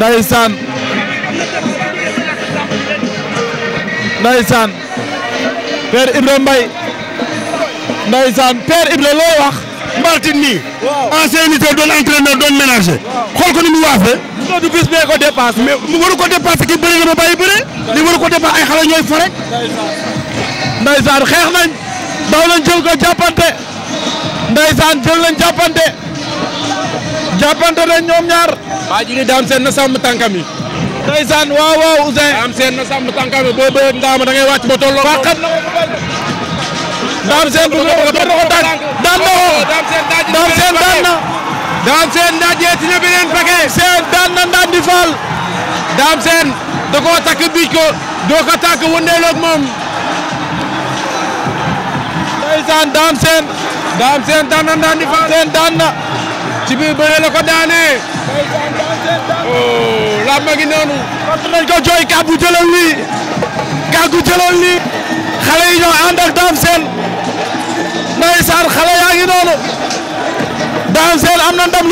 Ndeysaan Ndeysaan Père Ibra Mbaye Ndeysaan Père Ibra looy wax Martin nii ancien lutteur doon entraîneur doon ménager xool ko ni mu waafee du bis bee ko dépassé mais mu waru ko dépassé ki bëri na ma bàyyi bëri ko dépassé ay xale ñooy fo rek Ndeysaan xeex nañ daw nañ jël ko jàppante Ndeysaan jël nañ jàppante jàppante nañ ñoom ñaar. waa ji daam seen na sàmm tànkam yi. daam seen na sàmm tànkam yi boo bëree ndaama da ngay wàcc ba tolloo. daam seen bëgg na daam seen daan na. daam seen ndaan di faal. daam seen da koo takk biij ko doo ko takk wëndeeloog moom. ndeysaan daam seen. daam seen daan ndaan di faal. seen daan na. ci biir bëre la ko daanee. oh làmb gi noonu. kon dinañ ko jooy kàggu jëloon lii kàggu jëloon xale yi ñoo ànd ak Dame xale yaa ngi noonu Dame am na ndam